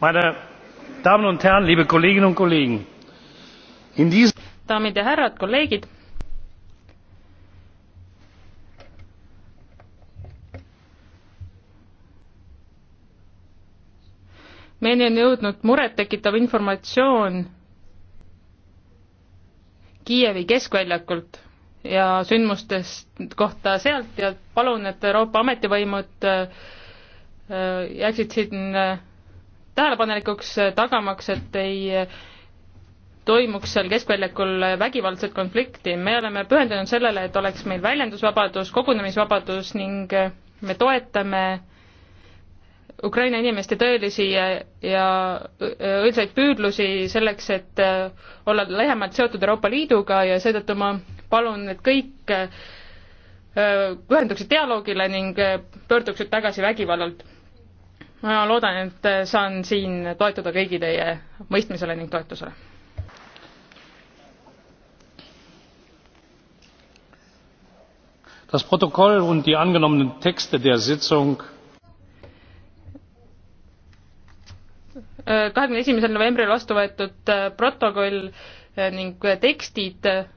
meine damen und herren liebe kolleginnen und kollegen! in diesem daamid ja härrad kolleegid meieni on jõudnud murettekitav informatsioon kiievi keskväljakult ja sündmustest kohta sealt ja palun et euroopa ametivõimud äh, äh, jääksid siin äh, tähelepanelikuks, tagamaks, et ei toimuks seal keskväljakul vägivaldset konflikti. me oleme pühendunud sellele, et oleks meil väljendusvabadus, kogunemisvabadus ning me toetame Ukraina inimeste tõelisi ja, ja õilsaid püüdlusi selleks, et olla lähemalt seotud Euroopa Liiduga ja seetõttu ma palun, et kõik pühenduksid dialoogile ning pöörduksid tagasi vägivallalt ma loodan, et saan siin toetuda kõigi teie mõistmisele ning toetusele. Das Protokoll und die angenommenen Texte der Sitzung kahekümne esimesel novembril vastu võetud äh, protokoll äh, ning äh, tekstid